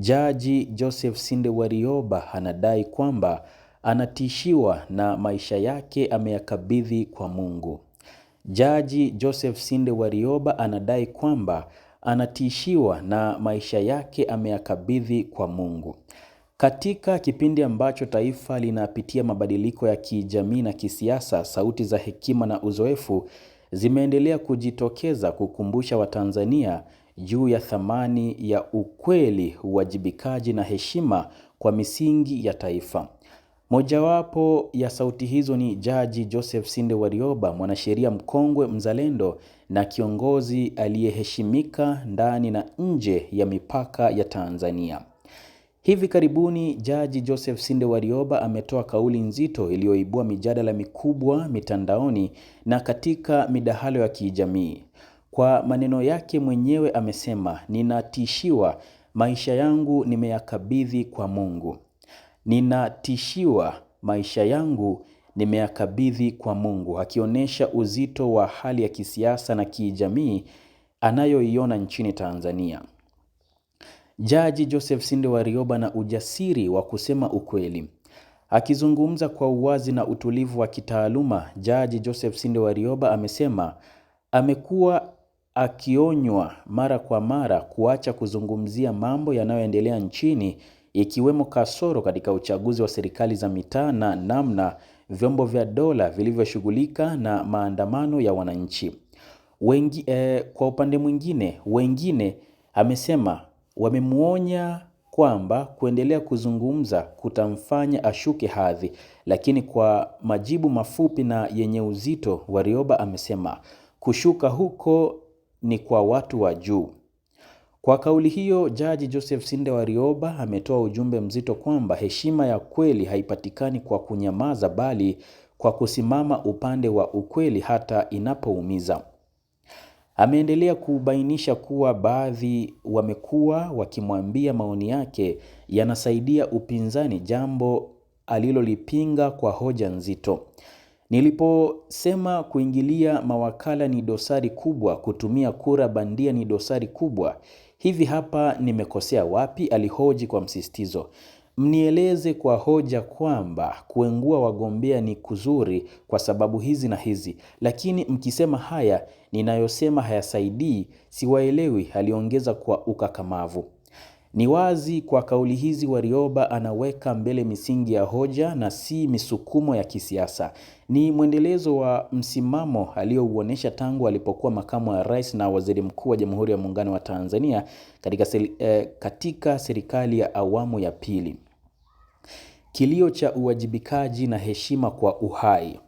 Jaji Joseph Sinde Warioba anadai kwamba anatishiwa na maisha yake ameyakabidhi kwa Mungu. Jaji Joseph Sinde Warioba anadai kwamba anatishiwa na maisha yake ameyakabidhi kwa Mungu. Katika kipindi ambacho taifa linapitia mabadiliko ya kijamii na kisiasa, sauti za hekima na uzoefu zimeendelea kujitokeza kukumbusha Watanzania juu ya thamani ya ukweli, uwajibikaji na heshima kwa misingi ya taifa. Mojawapo ya sauti hizo ni Jaji Joseph Sinde Warioba, mwanasheria mkongwe mzalendo na kiongozi aliyeheshimika ndani na nje ya mipaka ya Tanzania. Hivi karibuni Jaji Joseph Sinde Warioba ametoa kauli nzito iliyoibua mijadala mikubwa mitandaoni na katika midahalo ya kijamii. Kwa maneno yake mwenyewe amesema, ninatishiwa, maisha yangu nimeyakabidhi kwa Mungu. Ninatishiwa, maisha yangu nimeyakabidhi kwa Mungu, akionyesha uzito wa hali ya kisiasa na kijamii anayoiona nchini Tanzania. Jaji Joseph Sinde Warioba na ujasiri wa kusema ukweli. Akizungumza kwa uwazi na utulivu wa kitaaluma, Jaji Joseph Sinde Warioba amesema amekuwa akionywa mara kwa mara kuacha kuzungumzia mambo yanayoendelea nchini ikiwemo kasoro katika uchaguzi wa serikali za mitaa na namna vyombo vya dola vilivyoshughulika na maandamano ya wananchi. Wengi, eh, kwa upande mwingine wengine amesema wamemwonya kwamba kuendelea kuzungumza kutamfanya ashuke hadhi, lakini kwa majibu mafupi na yenye uzito, Warioba amesema kushuka huko ni kwa watu wa juu. Kwa kauli hiyo, Jaji Joseph Sinde Warioba ametoa ujumbe mzito kwamba heshima ya kweli haipatikani kwa kunyamaza, bali kwa kusimama upande wa ukweli hata inapoumiza. Ameendelea kubainisha kuwa baadhi wamekuwa wakimwambia maoni yake yanasaidia upinzani, jambo alilolipinga kwa hoja nzito. Niliposema kuingilia mawakala ni dosari kubwa, kutumia kura bandia ni dosari kubwa. Hivi hapa nimekosea wapi? Alihoji kwa msisitizo. Mnieleze kwa hoja kwamba kuengua wagombea ni kuzuri kwa sababu hizi na hizi, lakini mkisema haya ninayosema hayasaidii, siwaelewi, aliongeza kwa ukakamavu. Ni wazi kwa kauli hizi Warioba anaweka mbele misingi ya hoja na si misukumo ya kisiasa. Ni mwendelezo wa msimamo aliyouonyesha tangu alipokuwa makamu wa rais na waziri mkuu wa Jamhuri ya Muungano wa Tanzania katika, seri, eh, katika serikali ya awamu ya pili. Kilio cha uwajibikaji na heshima kwa uhai.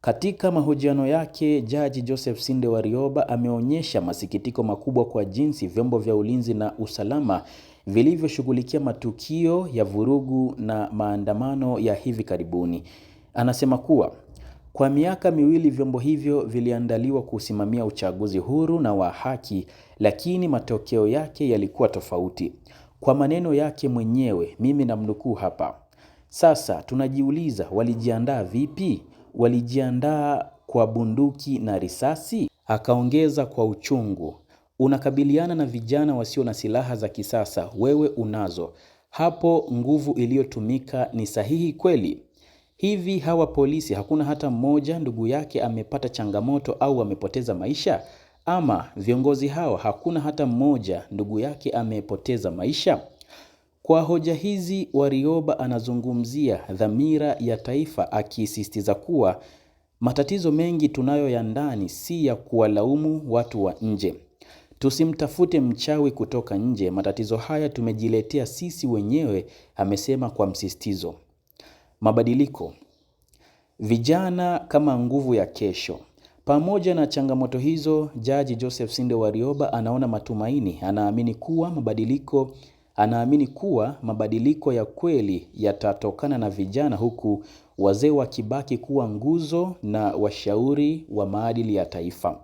Katika mahojiano yake, Jaji Joseph Sinde Warioba ameonyesha masikitiko makubwa kwa jinsi vyombo vya ulinzi na usalama vilivyoshughulikia matukio ya vurugu na maandamano ya hivi karibuni. Anasema kuwa kwa miaka miwili vyombo hivyo viliandaliwa kusimamia uchaguzi huru na wa haki, lakini matokeo yake yalikuwa tofauti. Kwa maneno yake mwenyewe, mimi namnukuu hapa: sasa tunajiuliza walijiandaa vipi? walijiandaa kwa bunduki na risasi? Akaongeza kwa uchungu, unakabiliana na vijana wasio na silaha za kisasa, wewe unazo. Hapo nguvu iliyotumika ni sahihi kweli? Hivi hawa polisi hakuna hata mmoja ndugu yake amepata changamoto au amepoteza maisha? Ama viongozi hawa hakuna hata mmoja ndugu yake amepoteza maisha? Kwa hoja hizi, Warioba anazungumzia dhamira ya taifa akisisitiza kuwa matatizo mengi tunayo ya ndani si ya kuwalaumu watu wa nje. Tusimtafute mchawi kutoka nje, matatizo haya tumejiletea sisi wenyewe, amesema kwa msisitizo. Mabadiliko. Vijana kama nguvu ya kesho. Pamoja na changamoto hizo, Jaji Joseph Sinde Warioba anaona matumaini, anaamini kuwa mabadiliko Anaamini kuwa mabadiliko ya kweli yatatokana na vijana, huku wazee wakibaki kuwa nguzo na washauri wa maadili ya taifa.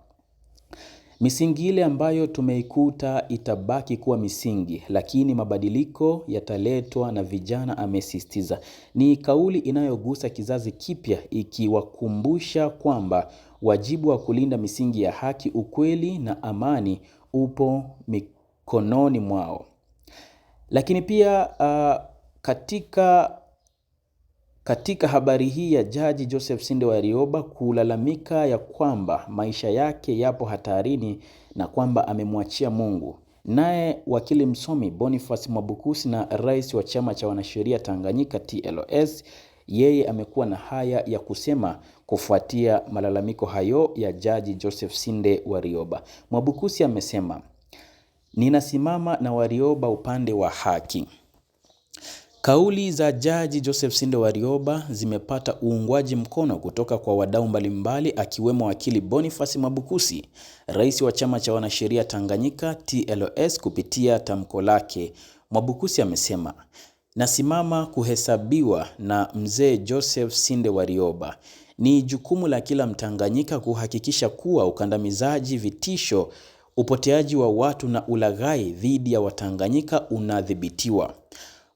Misingi ile ambayo tumeikuta itabaki kuwa misingi, lakini mabadiliko yataletwa na vijana, amesisitiza. Ni kauli inayogusa kizazi kipya, ikiwakumbusha kwamba wajibu wa kulinda misingi ya haki, ukweli na amani upo mikononi mwao. Lakini pia uh, katika, katika habari hii ya Jaji Joseph Sinde Warioba kulalamika ya kwamba maisha yake yapo hatarini na kwamba amemwachia Mungu. Naye wakili msomi Boniface Mwabukusi na rais wa chama cha wanasheria Tanganyika TLS yeye amekuwa na haya ya kusema kufuatia malalamiko hayo ya Jaji Joseph Sinde Warioba. Mwabukusi amesema Ninasimama na Warioba upande wa haki. Kauli za Jaji Joseph Sinde Warioba zimepata uungwaji mkono kutoka kwa wadau mbalimbali akiwemo wakili Boniface Mwabukusi, rais wa chama cha wanasheria Tanganyika TLS kupitia tamko lake. Mwabukusi amesema, nasimama kuhesabiwa na mzee Joseph Sinde Warioba. Ni jukumu la kila Mtanganyika kuhakikisha kuwa ukandamizaji, vitisho Upoteaji wa watu na ulaghai dhidi ya Watanganyika unadhibitiwa.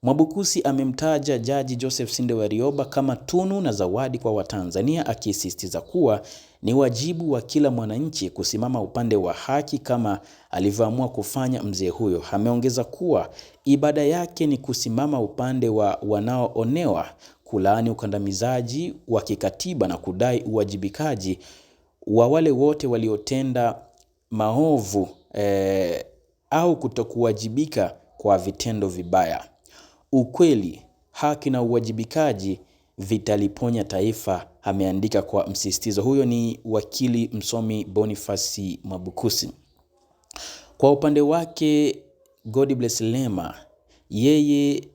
Mwabukusi amemtaja Jaji Joseph Sinde Warioba kama tunu na zawadi kwa Watanzania akisisitiza kuwa ni wajibu wa kila mwananchi kusimama upande wa haki kama alivyoamua kufanya mzee huyo. Ameongeza kuwa ibada yake ni kusimama upande wa wanaoonewa, kulaani ukandamizaji wa kikatiba na kudai uwajibikaji wa wale wote waliotenda maovu eh, au kutokuwajibika kwa vitendo vibaya. Ukweli, haki na uwajibikaji vitaliponya taifa, ameandika kwa msisitizo. Huyo ni wakili msomi Boniface Mwabukusi. Kwa upande wake Godbless Lema yeye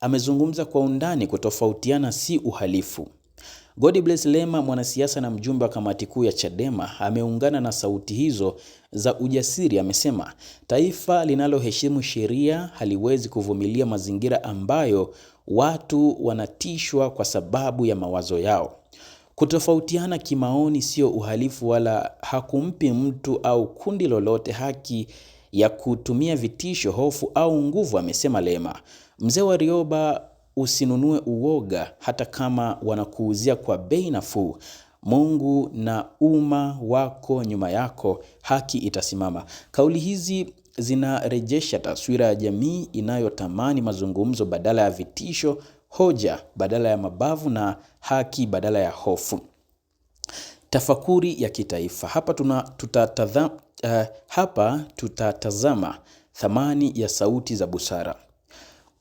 amezungumza kwa undani kutofautiana si uhalifu. Godbless Lema, mwanasiasa na mjumbe wa kamati kuu ya Chadema, ameungana na sauti hizo za ujasiri. Amesema taifa linaloheshimu sheria haliwezi kuvumilia mazingira ambayo watu wanatishwa kwa sababu ya mawazo yao. Kutofautiana kimaoni sio uhalifu wala hakumpi mtu au kundi lolote haki ya kutumia vitisho, hofu au nguvu, amesema Lema. Mzee wa rioba usinunue uoga, hata kama wanakuuzia kwa bei nafuu. Mungu na umma wako nyuma yako, haki itasimama. Kauli hizi zinarejesha taswira ya jamii inayotamani mazungumzo badala ya vitisho, hoja badala ya mabavu, na haki badala ya hofu. Tafakuri ya kitaifa. Hapa tuna, tutatazama, uh, eh, hapa tutatazama thamani ya sauti za busara.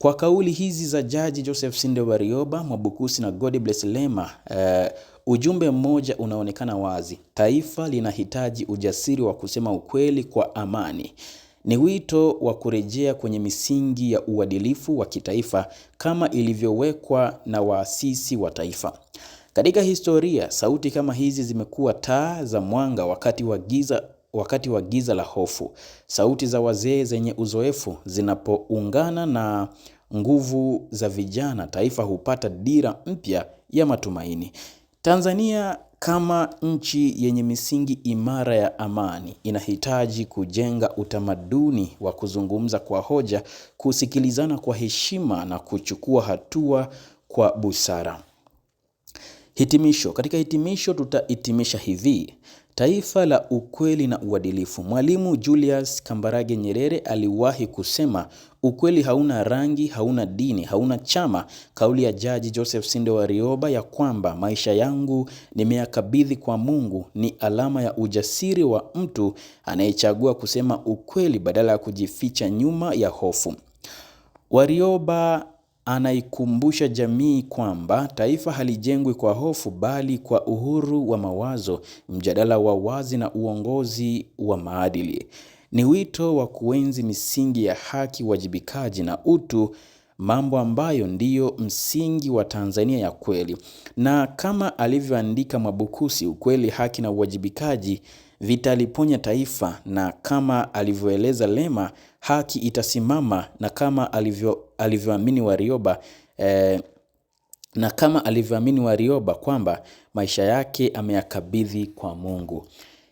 Kwa kauli hizi za Jaji Joseph Sinde Warioba, Mwabukusi na Godbless Lema, uh, ujumbe mmoja unaonekana wazi: taifa linahitaji ujasiri wa kusema ukweli kwa amani. Ni wito wa kurejea kwenye misingi ya uadilifu wa kitaifa kama ilivyowekwa na waasisi wa taifa. Katika historia, sauti kama hizi zimekuwa taa za mwanga wakati wa giza wakati wa giza la hofu, sauti za wazee zenye uzoefu zinapoungana na nguvu za vijana, taifa hupata dira mpya ya matumaini. Tanzania kama nchi yenye misingi imara ya amani inahitaji kujenga utamaduni wa kuzungumza kwa hoja, kusikilizana kwa heshima na kuchukua hatua kwa busara. Hitimisho. Katika hitimisho tutahitimisha hivi. Taifa la ukweli na uadilifu. Mwalimu Julius Kambarage Nyerere aliwahi kusema, ukweli hauna rangi, hauna dini, hauna chama. Kauli ya Jaji Joseph Sinde Warioba ya kwamba maisha yangu nimeyakabidhi kwa Mungu ni alama ya ujasiri wa mtu anayechagua kusema ukweli badala ya kujificha nyuma ya hofu. Warioba Anaikumbusha jamii kwamba taifa halijengwi kwa hofu bali kwa uhuru wa mawazo, mjadala wa wazi na uongozi wa maadili. Ni wito wa kuenzi misingi ya haki, wajibikaji na utu mambo ambayo ndiyo msingi wa Tanzania ya kweli. Na kama alivyoandika Mwabukusi, ukweli, haki na uwajibikaji vitaliponya taifa, na kama alivyoeleza Lema, haki itasimama, na kama alivyo alivyoamini Warioba eh, na kama alivyoamini Warioba kwamba maisha yake ameyakabidhi kwa Mungu.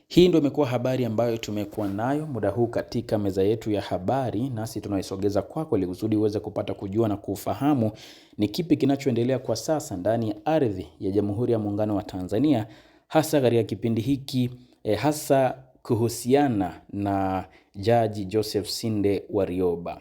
Hii ndio imekuwa habari ambayo tumekuwa nayo muda huu katika meza yetu ya habari, nasi tunaisogeza kwako ili kusudi uweze kupata kujua na kufahamu ni kipi kinachoendelea kwa sasa ndani ya ardhi ya Jamhuri ya Muungano wa Tanzania, hasa katika kipindi hiki eh, hasa kuhusiana na Jaji Joseph Sinde Warioba.